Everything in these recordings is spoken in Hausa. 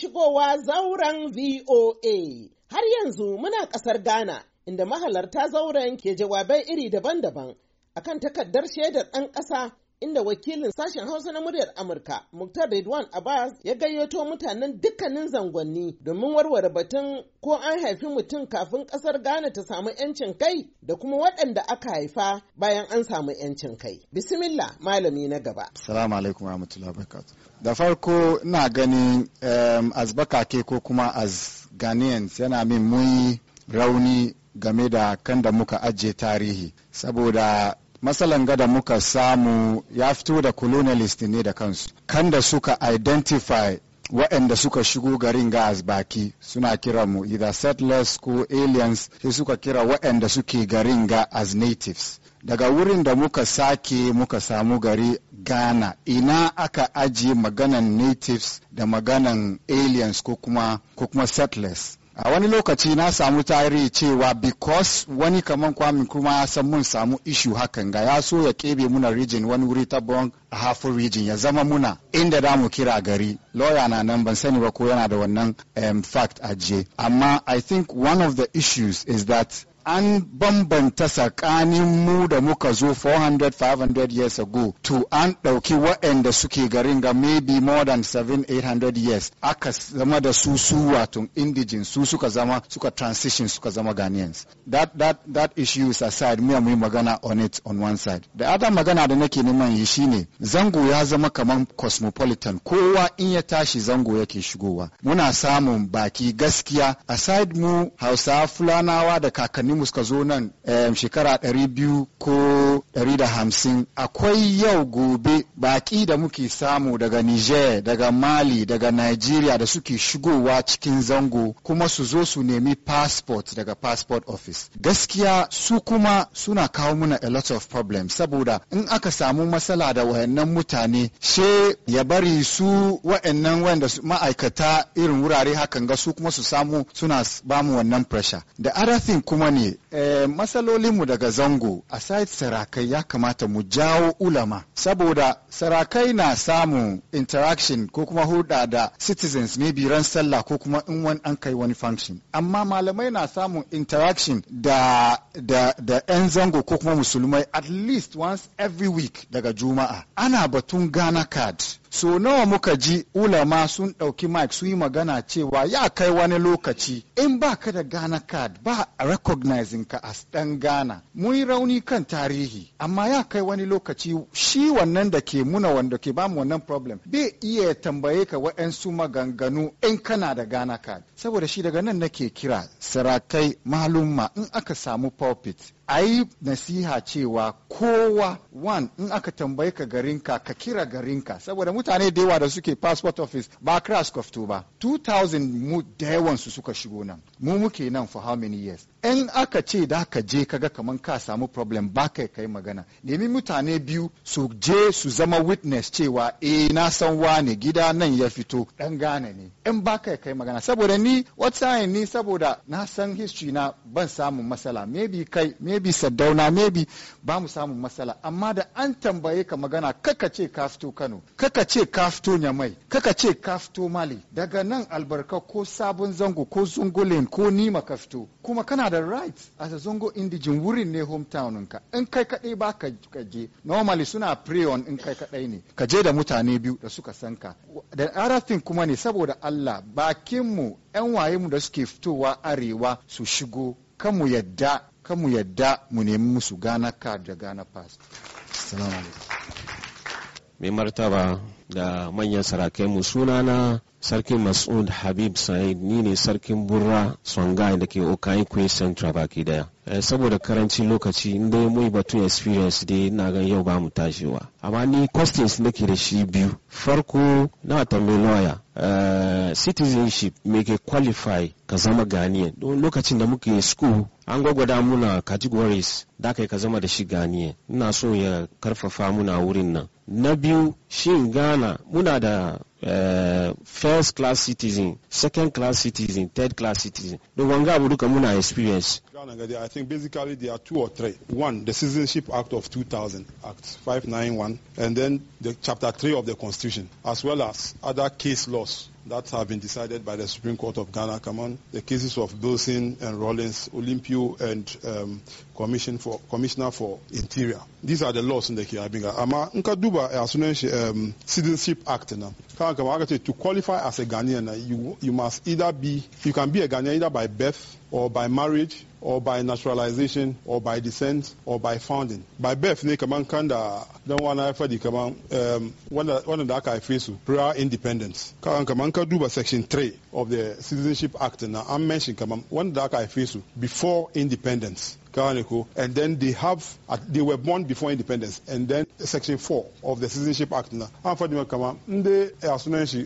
shigowa zauren VOA. Har yanzu muna ƙasar Ghana, inda mahalarta zauren ke jawabai iri daban-daban akan takardar shaidar ɗan ƙasa inda wakilin sashen Hausa na muryar Amurka Muktar Redwan Abbas ya gayyato mutanen dukkanin zangonni domin warware batun ko an haifi mutum kafin kasar Ghana ta samu 'yancin kai da kuma waɗanda aka haifa bayan an samu 'yancin kai. Bismillah malami na gaba. Assalamu alaikum rahmatullahi wabarakatuh. Da farko ina ganin um, as bakake ko kuma as Ghanaians yana min muyi rauni game da kan da muka ajiye tarihi saboda matsalan gada muka samu ya fito da colonialist ne da kansu kan da suka identify waɗanda suka shigo garin ga baki suna kira mu either settlers ko aliens sai suka kira waɗanda suke garin ga as natives daga wurin da muka sake muka samu gari ghana ina aka ajiye maganan natives da maganan aliens ko kuma, ko settlers a wani lokaci na samu tarihi cewa because wani kaman kwamin kuma ya san mun samu ishu hakan ga ya so ya kebe muna region wani wuri ta bon a hafin region ya zama muna inda da mu kira gari lawyer na nan ban sani ba ko yana da wannan fact ajiye amma i think one of the issues is that an bambanta tsakanin mu da muka zo 400 500 years ago to an ɗauki waɗanda suke garin ga maybe more than 700-800 years aka zama da su su wato indigen su suka zama suka transition suka zama Ghanaians that, that, that issue is aside mu mu magana on it on one side da ada magana da nake neman yi shine zango ya zama kamar cosmopolitan kowa in ya tashi zango yake shigowa muna samun baki gaskiya aside mu hausa fulanawa da kakannin mu suka zo nan shekara ɗari biyu ko ɗari da hamsin akwai yau gobe baƙi da muke samu daga Niger daga Mali daga Nigeria da suke shigowa cikin zango kuma su zo su nemi passport daga passport office gaskiya su kuma suna kawo muna a lot of problems saboda in aka samu matsala da wayannan mutane she ya bari su wayannan wanda ma'aikata irin wurare hakan ga su kuma su samu suna bamu wannan pressure da other thing kuma ne premier eh, matsalolinmu daga zango a site sarakai ya kamata mu jawo ulama saboda sarakai na samun interaction ko kuma hulɗa da citizens bi ran sallah ko kuma in wani an kai wani function amma malamai na samun interaction da da 'yan zango ko kuma musulmai at least once every week daga juma'a ana batun ghana card so nawa muka ji ulama sun ɗauki mic sun yi magana cewa ya kai wani lokaci in ba ka da ghana card ba recognizing ka a ɗan Ghana. Mun yi rauni kan tarihi, amma ya kai wani lokaci shi wannan da ke muna wanda ke bamu wannan problem bai iya tambaye ka waɗansu maganganu in kana da Ghana ka Saboda shi daga nan nake kira sarakai malumma in aka samu pulpit a yi nasiha cewa kowa one in aka tambaye ka garinka ka kira garinka saboda mutane da yawa da suke passport office ba crash of ba 2000 mu da yawansu suka shigo nan mu muke nan for how many years in aka ce da ka je kaga kamar ka samu problem ba kai kai magana nemi mutane biyu su je su zama witness cewa eh na san wane gida nan ya fito dan gane ne in ba kai kai magana saboda ni wata ni saboda na san history na ban samun matsala maybe kai maybe saddauna maybe ba mu samun matsala amma da an tambaye ka magana kaka ce ka fito Kano kaka ce ka fito Nyamai kaka ce ka fito Mali daga nan albarka ko sabon zango ko zungulen ko nima ka fito kuma kana da right a zongo indijin wurin ne hometown ka in kai kadai ba ka je normally suna pray on in kai kadai ne ka je da mutane biyu da suka san ka da arafin kuma ne saboda Allah bakin mu yan waye mu da suke fitowa arewa su shigo kan mu yadda kan mu yadda mu nemi musu gana card da gana pass assalamu alaikum mai martaba da manyan sarakai mu sunana sarkin mas'ud habib sa'id ni ne sarkin burra songai da ke okayi kwe central baki daya Eh, saboda karanci lokaci inda ya mu batun experience dai n'a gan yau ba mu wa. amma ni questions nake da shi biyu farko na tambayi lawyer eh, citizenship me ke qualify ka zama ganiyan don lokacin da muke school an gwagwada muna categories da kai ka zama da shi ganiyan ina so ya karfafa muna wurin nan na biyu shin ghana muna da uh, first class citizen second class citizen third class citizen don wanga abu duka muna experience I think basically there are two or three. One, the Citizenship Act of 2000, Act 591, and then the Chapter 3 of the Constitution, as well as other case laws that have been decided by the Supreme Court of Ghana. Come on, the cases of Bilson and Rollins, Olympio and um, Commission for Commissioner for Interior. These are the laws in the Kiabinga. Ama nkaduba eh, asunenshi um, Citizenship Act na. To qualify as a Ghanaian, you you must either be you can be a Ghanaian either by birth or by marriage or by naturalization or by descent or by founding by birth ne kaman kan da dan wani ya faɗi kaman um, wanda da aka haife su prior independence kaman kaman ka duba section 3 of the citizenship act na an mention kaman wanda da aka haife su before independence and then they have, they were born before independence, and then Section 4 of the Citizenship Act. Now, Amfadima Kama, Nde Asunenshi,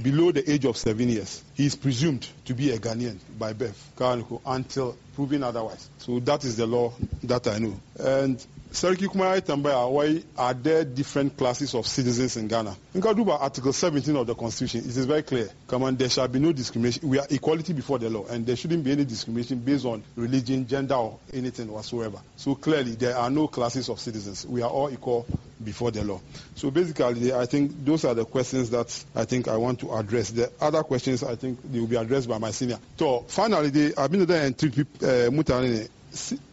below the age of seven years. He is presumed to be a Ghanaian by birth, until proven otherwise. So that is the law that I know. And sarki kuma tambaya why are there different classes of citizens in ghana in ka article 17 of the constitution it is very clear on, there shall be no discrimination we are equality before the law and there shouldn't be any discrimination based on religion gender or anything whatsoever so clearly there are no classes of citizens we are all equal before the law so basically i think those are the questions that i think i want to address the other questions i think they will be addressed by my senior so finally the abinada and three people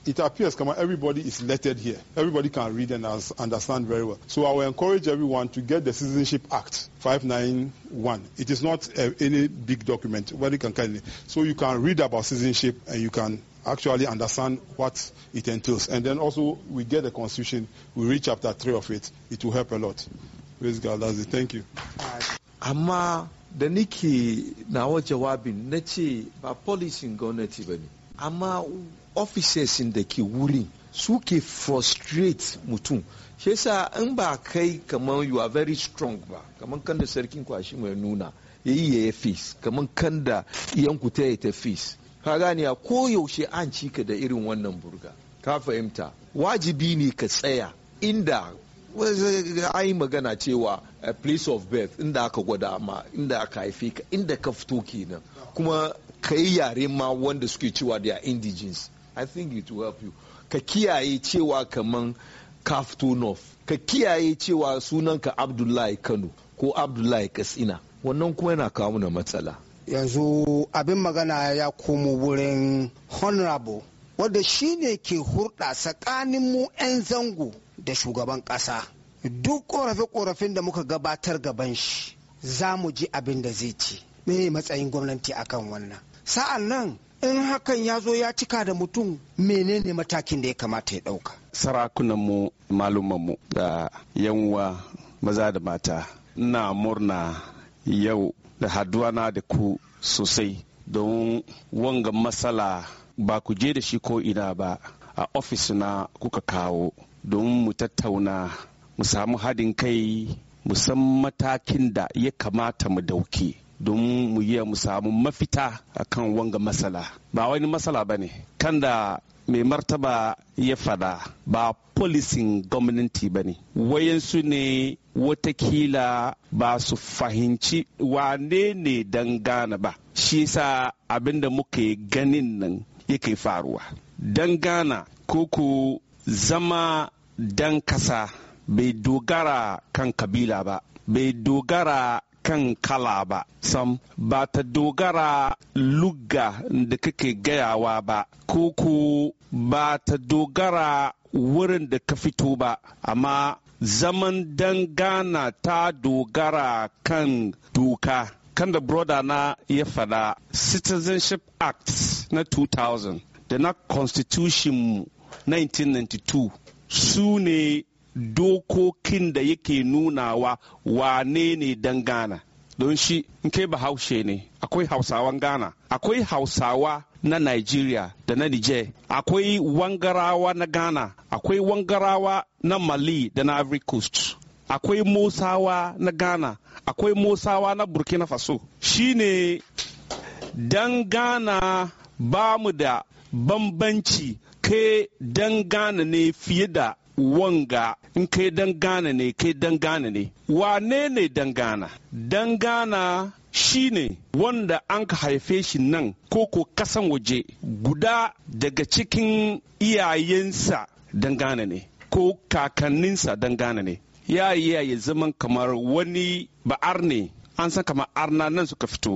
it appears come on, everybody is lettered here. Everybody can read and understand very well. So I will encourage everyone to get the Citizenship Act 591. It is not uh, any big document. Well, you can So you can read about citizenship and you can actually understand what it entails. And then also we get the Constitution. We read chapter 3 of it. It will help a lot. Praise God. That's it. Thank you. Amma the niki na jawabin na ba policing gwamnati ba amma officers da ke wurin suke frustrate mutum shi yasa in ba kai kamar you are very strong ba kamar kan da sarkin kwashi mai nuna ya yi ya face kamar kan da iyanku ta ya ta face ka gane ya koyaushe an cika da irin wannan burga ka fahimta wajibi ne ka tsaya inda ai magana cewa a place of birth inda aka gwada ma inda aka haife ka inda ka fito kenan kuma ka yi yare ma wanda suke cewa da indigens i think it will help you ka kiyaye cewa kaman ka north ka kiyaye cewa sunanka abdullahi kano ko abdullahi katsina wannan kuma yana kawo mana matsala yanzu abin magana ya komo wurin honorable wanda shi ne ke hurɗa tsakanin mu 'yan zango da shugaban ƙasa duk ƙorafe-ƙorafin da muka gabatar gaban shi za mu ji abin da zai ci me matsayin gwamnati akan wannan sa'an nan in hakan ya zo ya cika da mutum menene matakin da ya kamata ya ɗauka. sarakunanmu malumanmu da yanwa maza da mata na murna yau da haduwa na da ku sosai don wanga matsala ba ku je da shi ko ina ba a ofis na kuka kawo don mu tattauna mu samu haɗin kai mu san matakin da ya kamata mu dauke don mu yi mu samu mafita kan wanga matsala ba wani matsala ba ne kan da mai martaba ya fada ba polisin gwamnati ba ne wayansu ne watakila ba su fahimci wane ne don gane ba shi sa da muka ganin nan yake faruwa don gana koko zama dan kasa bai dogara kan kabila ba bai dogara kan kala ba sam ba ta dogara lugga da kake gayawa ba koko ba ta dogara wurin da ka fito ba amma zaman dangana ta dogara kan doka kan da broda na ya fada citizenship act na 2000 da na constitution 1992 su ne dokokin da yake nunawa wane ne dan Ghana. Don shi in kai bahaushe ne, akwai hausawan Ghana, akwai hausawa na Nigeria da na Niger, akwai wangarawa na Ghana, akwai wangarawa na Mali da na Ivory Coast, akwai Musawa na Ghana, akwai Musawa na Burkina Faso. Shi ne dan Ghana ba mu da bambanci ke dan Gana ne fiye da wanga in kai dangana ne kai dangana ne wane ne dangana dangana shi ne wanda an ka haife shi nan ko ko kasan waje guda daga cikin iyayensa dangana ne ko kakanninsa dangana ne ya iya zaman kamar wani ba'ar ne an san kamar arna nan suka fito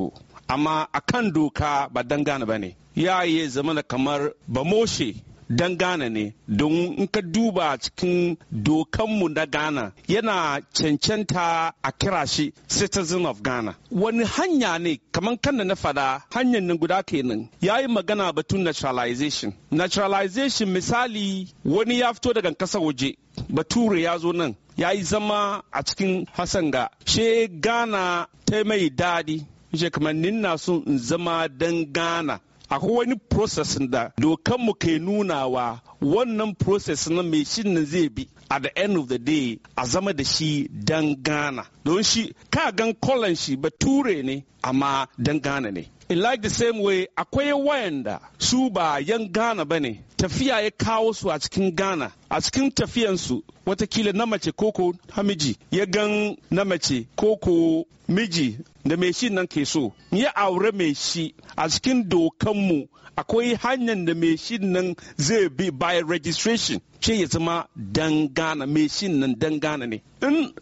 amma akan doka ba dangana ba ne ya iya zama kamar bamoshe dan Ghana ne don in ka duba cikin dokanmu na Ghana yana cancanta a kira shi citizen of Ghana wani hanya ne kamar kan na fada hanyar nan guda kenan ya yi magana batun naturalization naturalization misali wani ya fito daga kasa waje bature ya zo nan ya yi zama a cikin hasanga she Ghana ta mai dadi she na son in zama dan Ghana akwai wani process da dokanmu ke nunawa wannan process na mai shi nan zai bi at the end of the day a zama da shi dan gana don shi ka gan kolon shi bature ne amma dan gana ne in like the same way akwai wayanda su ba yan gana ba ne tafiya ya kawo su a cikin ghana a cikin tafiyansu watakila na mace koko hamiji ya gan na mace koko miji da mai shi nan ke so ya aure mai shi a cikin dokanmu akwai hanyar da mai shi nan zai bi by registration ce ya zama dangana mai shi nan dangana ne in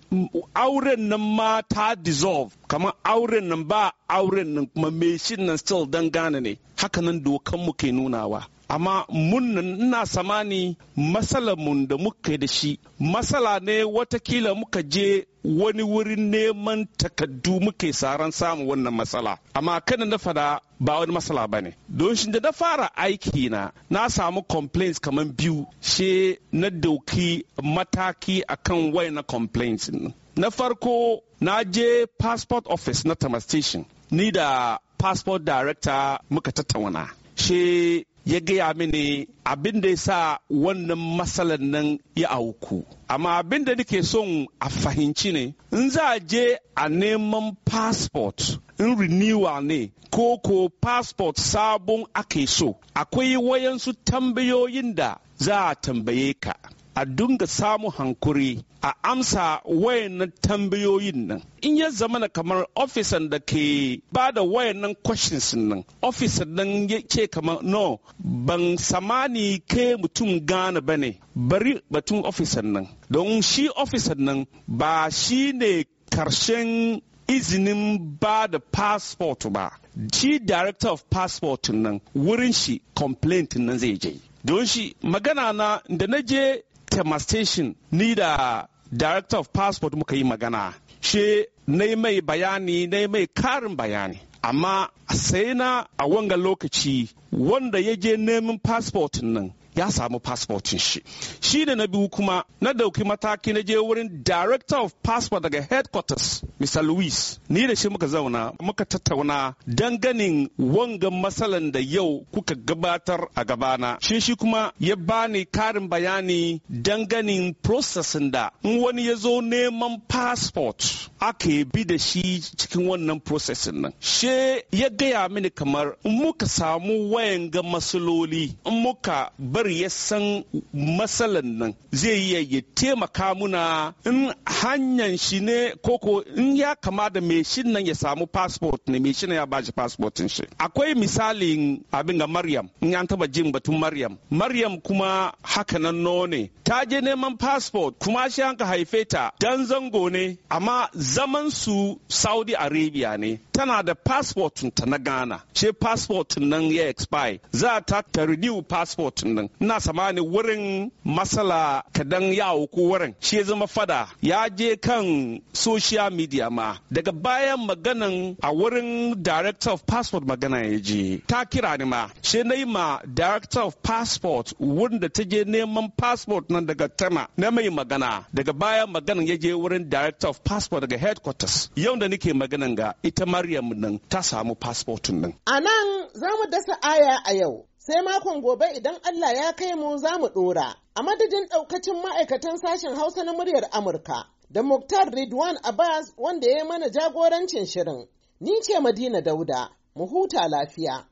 auren nan ma ta dissolve kamar auren nan ba auren nan kuma mai shi nan still dangana ne hakanan dokanmu ke nunawa amma munnan ina samani mu da muka da shi matsala ne watakila muka je wani wurin neman takaddu muke saran samun wannan matsala amma kada na fada ba wani matsala ba ne don shi da na fara aiki na na samu complaints kamar biyu she na dauki mataki akan waina complaints na farko na je passport office na tamastation ni da passport director muka tattauna she ya gaya mini abin da ya sa wannan matsalar nan ya auku amma abin da nake son a fahimci ne in za a je a neman passport in renewal ne ko ko passport sabon ake so akwai wayansu tambayoyin da za a tambaye ka a dunga samu hankuri a amsa wayannan tambayoyin nan in ya zama na kamar ofisan da ke ba da wayannan questions nan ofisan nan ya ce kamar no ban samani ke mutum gane ba ne bari batun ofisan nan don shi ofisan nan ba shi ne karshen izinin ba da passport ba shi director of passport nan wurin shi complaint nan zai je don shi magana na da na je tema station ni da director of passport muka yi magana she na mai bayani na mai karin bayani amma sai na a wanga lokaci wanda ya je neman passport nan ya samu fasfotin shi shi ne na biyu kuma na dauki mataki na je wurin director of passport daga headquarters mr louis ni da shi muka zauna muka tattauna danganin wangan matsalan da yau kuka gabatar a gabana shi shi kuma ya bani karin bayani danganin processing da in wani ya zo neman passport aka bi da shi cikin wannan processing nan she ya gaya mini kamar muka samu wayan ga masaloli in muka umar ya san matsalan nan zai yi ya taimaka muna in hanyar shi ne koko in ya kama da mai shi nan ya samu passport ne mai shi ya shi passportin shi akwai misalin abin ga maryam in an taba jin batun maryam maryam kuma haka nan no ne ta je neman passport kuma shi an ka haife ta dan zango ne amma zaman su saudi arabia ne tana da passport ta na ghana she passport nan ya expire za ta ta renew passport nan ina samani wurin masala kadan ya auku wurin shi ya zama fada ya je kan social media ma daga bayan maganan a wurin director of passport magana ya je ta kira ni ma shi na yi ma director of passport wurin da ta je neman passport nan daga tema na mai magana daga bayan maganan ya je wurin director of passport daga headquarters yau da nake maganan ga ita maryam nan ta samu passport nan a nan za mu dasa aya a yau sai makon gobe idan Allah ya kai mu za mu ɗora. A madadin ɗaukacin ma'aikatan sashen Hausa na muryar Amurka, da Muktar Ridwan Abbas wanda ya yi mana jagorancin shirin. Ni ce Madina Dauda, mu huta lafiya.